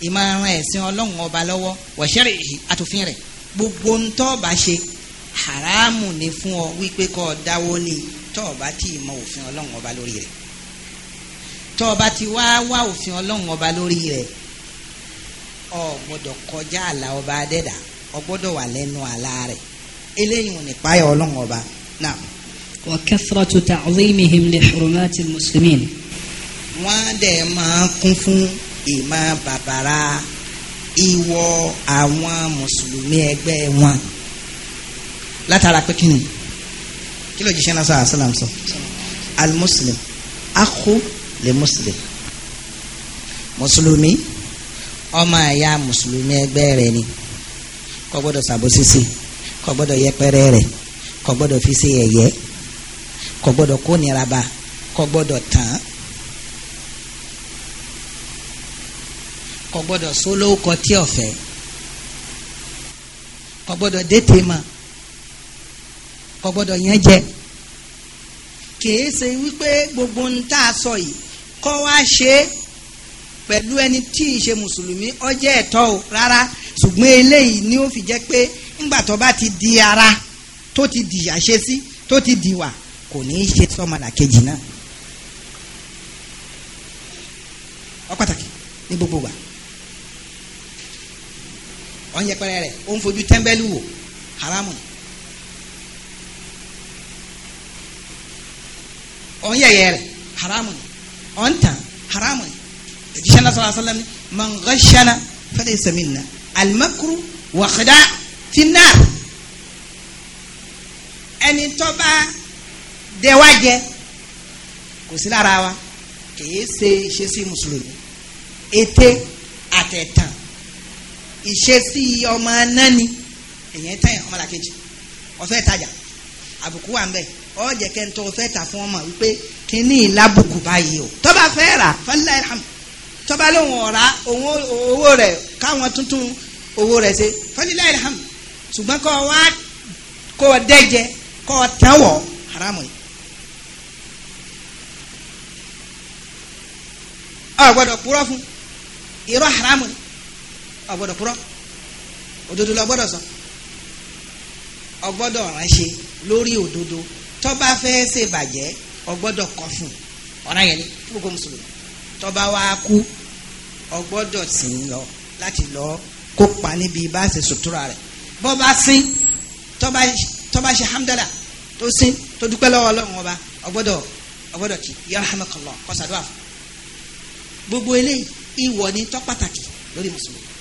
ìmọ̀ràn ẹ̀sìn ọlọ́run ọba lọ́wọ́ wọ̀ṣẹ́rẹ̀ àtòfin rẹ̀ gbogbo ń tọ́ bá ṣe haramu ni fún ọ wípé kọ́ ọ dáwọ́ ni e tọ́ ọ bá ti mọ òfin ọlọ́run ọba lórí rẹ̀ tọ́ ọ bá ti wá wá òfin ọlọ́run ọba lórí rẹ̀ ọ gbọ́dọ̀ kọjá àlà ọba adẹ́dà ọ gbọ́dọ̀ wà lẹ́nu àlà rẹ̀ eléyìí ní páyọ̀ ọlọ́run ọba náà. wa kathratu ta'zimihim li hurumati al-muslimin. wọ́n á dẹ̀ máa kún fún ìmọ̀ bàbàrà ìwọ àwọn mùsùlùmí ẹgbẹ́ wọn látara pé kí ni kí ló jíṣẹ́ náà sọ àṣàlám sọ almuslim akhu lè muslim mùsùlùmí ọmọ ẹ̀yà mùsùlùmí ẹgbẹ́ rẹ̀ ni kò gbọ́dọ̀ sàbòsísì kò gbọ́dọ̀ yẹpẹrẹ rẹ̀ kò gbọ́dọ̀ fi ṣe ẹ̀yẹ kò gbọ́dọ̀ kó nira ba kò gbọ́dọ̀ tàn kò gbọ́dọ̀ sólókọ tí ọ̀fẹ́ kò gbọ́dọ̀ dẹ́tẹ̀ mọ́ kò gbọ́dọ̀ yẹn jẹ wípé gbogbo ń tá i sọ yìí kọ́ wá ṣe é pẹ̀lú ẹni tí ì ṣe mùsùlùmí ọjẹ́ ẹ̀tọ́ o rárá ṣùgbọ́n eléyìí ni ó fi jẹ́ pé ńgbà tó bá ti di ara tó ti di ṣe sí tó ti dìwà kò ní í ṣe sọ́mọlà kejì náà ọ pàtàkì ní gbogbo wa. ọ̀n yẹpẹrẹ rẹ̀ ó ń fojú tẹ́ḿbẹ́lú wò haramu ni ọ̀n yẹyẹ rẹ̀ haramu ni ọ̀n tàn haramu ni òjíṣẹ́ náà sallallahu alaihi wasallam ni man ghashana falaysa minna alimakuru wa khida' ẹni tó bá kò sí lára wa kì í ṣe ṣe sí mùsùlùmí ète àtẹ̀tàn ìṣesí ọmọ nání èyàn tẹ̀yàn ọmọlàkejì ọ̀fẹ́ tajà àbùkù wà ń bẹ̀ ọ̀jẹ̀ kẹ́ńtọ́ ọ̀fẹ́ tà fún ọmọ wípé kínní ìlàbùkù báyìí o tọ́ba fẹ́ rà fẹ́lẹ́ rà tọ́ba lóun ọ̀rá owó rẹ̀ káwọn tuntun owó rẹ̀ ṣe fẹ́lẹ́ rà ṣùgbọ́n kọ́ wá kọ́ dẹ́jẹ kọ́ tẹ́wọ̀ haramu yìí. ọ̀ gbọ́dọ̀ purọ́ fún irọ́ haramu yìí àgbọ́dọ̀ purọ́ òdodo la gbọ́dọ̀ sọ ọgbọ́dọ̀ ránṣẹ́ lórí òdodo tó bá fẹ́ ṣe bàjẹ́ ọgbọ́dọ̀ kọ fún ọ̀ràn yẹn ni gbogbo mùsùlùmí tó bá wá kú ọgbọ́dọ̀ sì ń lọ láti lọ kópa níbi bá ṣe sùtúrà rẹ̀ bó bá sín tó bá ṣe hamdala tó sín tó dúpẹ́ lọ́wọ́ ọlọ́run ọba ọgbọ́dọ̀ ọgbọ́dọ̀ kì yarhamakallah kọ́sàdúrà fún gbogbo eléyìí ìwọ ni tó pàtàkì lórí mùsùlùmí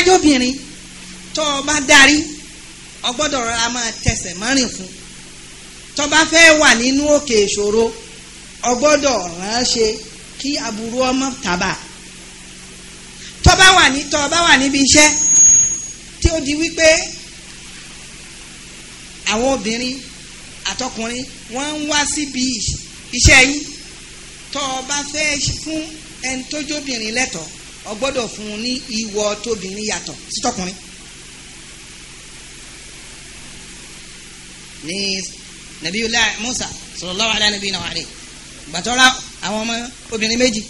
bá jóbìnrin tó o bá darí o gbọ́dọ̀ rọra máa tẹsẹ̀ mọ́rìn fún tó bá fẹ́ wà nínú òkè ìṣòro o gbọ́dọ̀ ránṣẹ́ kí aburú ọmọ tàbá tó bá wà ní tó bá wà níbi iṣẹ́ tí ó di wípé àwọn obìnrin àtọkùnrin wọ́n ń wá síbi iṣẹ́ yín tó o bá fẹ́ fún ẹni tó jóbìnrin lẹ́tọ̀ọ́ ọ gbọ́dọ̀ fún un ní ìwọ tóbìnrin yàtọ̀ sí tọkùnrin ní nàbíyúlá Musa sallallahu alaihi nàbí náà àlẹ́ gbàtọ́ra àwọn ọmọ obìnrin méjì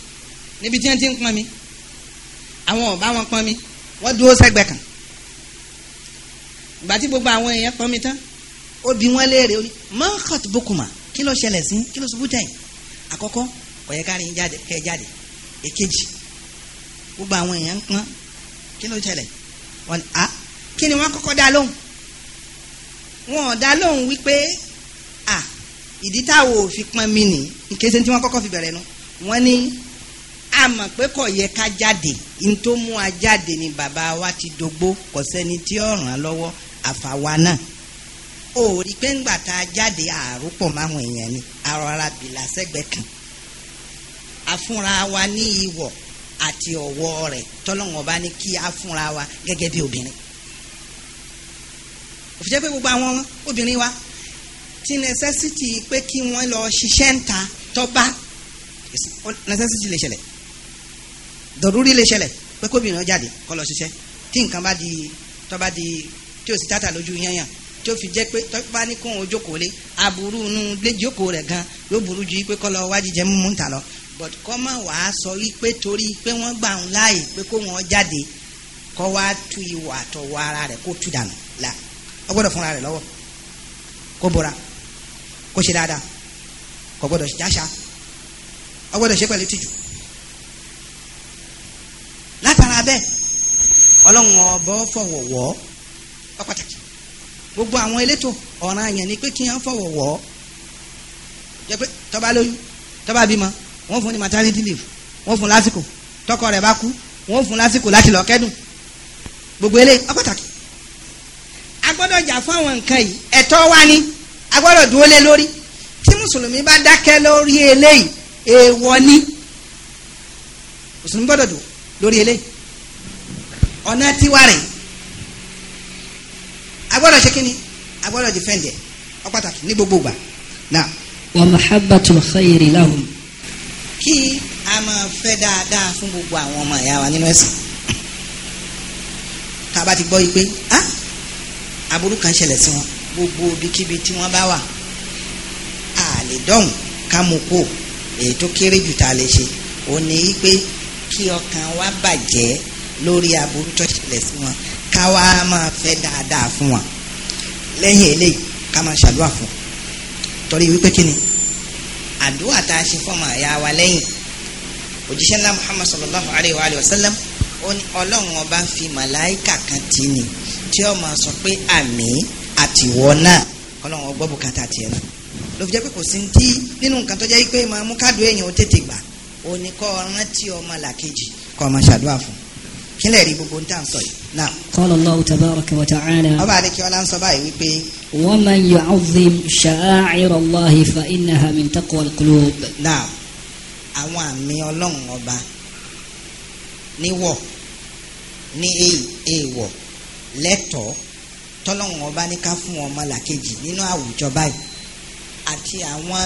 níbi tí wọ́n ti ń pọn mi àwọn ọba wọn pọn mi wọ́n dúró sẹ́gbẹ̀ kan gbàtí gbogbo àwọn èèyàn pọn mi tán ó bí wọn léèrè ó ní man khatbukuma kí ló ṣẹlẹ̀ sí kí ló ṣubú jẹ́ yìí àkọ́kọ́ kò yẹ jáde kẹ́ jáde èkejì gbogbo àwọn èèyàn ń pọ́n kí ló ṣẹlẹ̀ wọ́n a kí ni wọ́n kọ́kọ́ dá lóhùn wọn ò dá lóhùn wípé a ìdí táwọn ò fi pọ́n mi nì ìkéṣe tí wọ́n kọ́kọ́ fi bẹ̀rẹ̀ nu wọ́n ní a mọ̀ pé kò yẹ ká jáde n tó mú a jáde ni bàbá wa ti dogbo kò sẹ́ni tí ó ràn án lọ́wọ́ àfàwa náà ó rí pé ńgbà tá a jáde àròpọ̀ máwọn èèyàn ni àrọ̀ ara sẹ́gbẹ̀ẹ́ kan àfúnra wa ní ìwọ̀ àti ọ̀wọ́ rẹ̀ tọ́lọ́wọ́n bá ní kí a fúnra wa gẹ́gẹ́ bí obìnrin òfìjẹ́ pé gbogbo àwọn obìnrin wa ti necessity pé kí wọ́n lọ ṣiṣẹ́ ń ta tọ́ba necessity lè ṣẹlẹ̀ dọ̀rúrí lè ṣẹlẹ̀ pé kóbìnrin jáde kọ́ lọ ṣiṣẹ́ tí nǹkan bá di tọ́ba di tí o sì tata lójú yányàn tí o fi jẹ́ pé tọ́ba ní kóhun ojókòó lé aburú inú lé jókòó rẹ̀ gan yóò burú ju pé kọ́ lọ wá jíjẹ mímú ń ta lọ but kọ́mọ̀ wàá sọ wípé torí pé wọ́n gbà ń láàyè pé kó wọ́n jáde kọ́ wá tú ìwà àtọwọ́ ara rẹ̀ kó tú dànù la ó gbọ́dọ̀ fúnra rẹ̀ lọ́wọ́ kó bora kó ṣe dáadáa kò gbọ́dọ̀ jáṣà ó gbọ́dọ̀ ṣe pẹ̀lú tìjú látara bẹ́ẹ̀ ọlọ́run ọbọ̀ fọwọ́wọ́ pàtàkì gbogbo àwọn elétò ọ̀ràn yẹn ni pé kí wọ́n fọwọ́wọ́ jẹ́ pé tọ́ba lóyún tọ́ba bímọ wọ́n fún ní maternity leave wọ́n fún lásìkò tọkọ rẹ̀ bá kú wọ́n fún lásìkò láti lọ kẹ́dùn gbogbo eléyìí ó pàtàkì jà fún àwọn nǹkan yìí ẹ̀tọ́ wa ni a dúró lé lórí tí mùsùlùmí bá dákẹ́ lórí eléyìí èèwọ̀ ni mùsùlùmí gbọ́dọ̀ dúró lórí eléyìí ọ̀nà tiwa rẹ̀ a ṣe kíni a defend ẹ̀ ó ní gbogbo ìgbà náà. wa mahabbatul khayri lahum kí a máa fẹ́ dáadáa fún gbogbo àwọn ọmọ ìyá wa nínú ẹ̀sìn tá a bá ti gbọ́ yìí pé ah aburú kan ṣẹlẹ̀ sí wọn gbogbo ibikíbi tí wọ́n bá wà a lè dọ̀hùn ká mú kó èyí tó kéré jù tá a lè ṣe ò ní í pé kí ọkàn wa bàjẹ́ lórí aburú tó ṣẹlẹ̀ sí wọn ká wá máa fẹ́ dáadáa fún wọn lẹ́yìn eléyìí ká máa ṣàdúrà fún torí wípé kí ni àdúrà tá a ṣe fọmọ ẹ̀yà wa lẹ́yìn òjíṣẹ́ ńlá muhammad sallallahu alayhi wa alayhi wa sallam ó ní ọlọ́run ọba fi màláìkà kan tì ní tí ó máa sọ pé àmì àtiwọ́ náà ọlọ́run ọgbọ́ bùkátà tiẹ̀ náà ló fi jẹ́ pé kò sí ti nínú nǹkan tó jẹ́ pé máa mú kádùn èèyàn ó tètè gbà ó ní ọmọ làkejì kọ́ ọ máa ṣàdúrà fún un kílẹ̀ rí gbogbo nta sọ yìí náà. qala Allahu tabaraka wa ta'ala. ọba adékè ọlá ń sọ báyìí wípé. wa man yu'azzim sha'a'ira Allahi fa innaha min taqwal qulub. náà àwọn àmì ọlọ́run ọba níwọ̀ ní èèwọ̀ lẹ́tọ̀ọ́ tọ́lọ́run ọba ní ká fún ọmọ làkejì nínú àwùjọ báyìí àti àwọn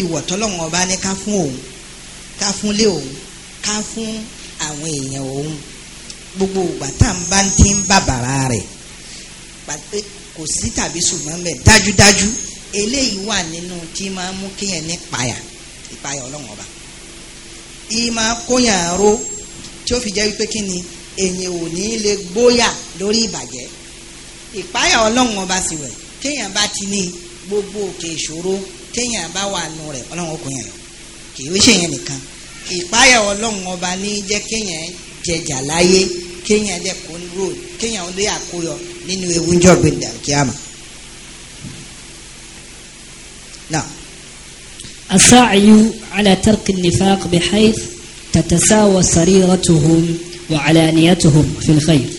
ìwọ̀ tọ́lọ́run ọba ní ká fún òun ká fún lé òun ká fún àwọn èèyàn òun gbogbo ìgbà tá à ń bá ti ń bàbàrà rẹ̀ pàtẹ kò sí tàbí ṣùgbọ́n bẹ́ẹ̀ dájúdájú eléyìí wà nínú tí máa ń mú kéèyàn ní ìpayà ìpayà ọlọ́run ọba ìyí máa kóyàn ró tí ó fi jẹ́ wípé kí ni èyàn ò ní lè gbóyà lórí ìbàjẹ́ ìpayà ọlọ́run ọba sì wẹ̀ kéèyàn bá ti ní gbogbo òkè ìṣòro téèyàn bá wà nù rẹ̀ ọlọ́run ọkùnrin rẹ̀ kì í ṣèyàn nìkan ìpayà ọlọ́run ọba ní jẹ́ kéèyàn jẹjà láyé kéèyàn dẹ kó ní road kéèyàn ó lé àkóyọ nínú ewu ń jọ̀gbìn dà kíámà. ala tarki nifaq النفاق بحيث تتساوى سريرتهم وعلانيتهم في الخير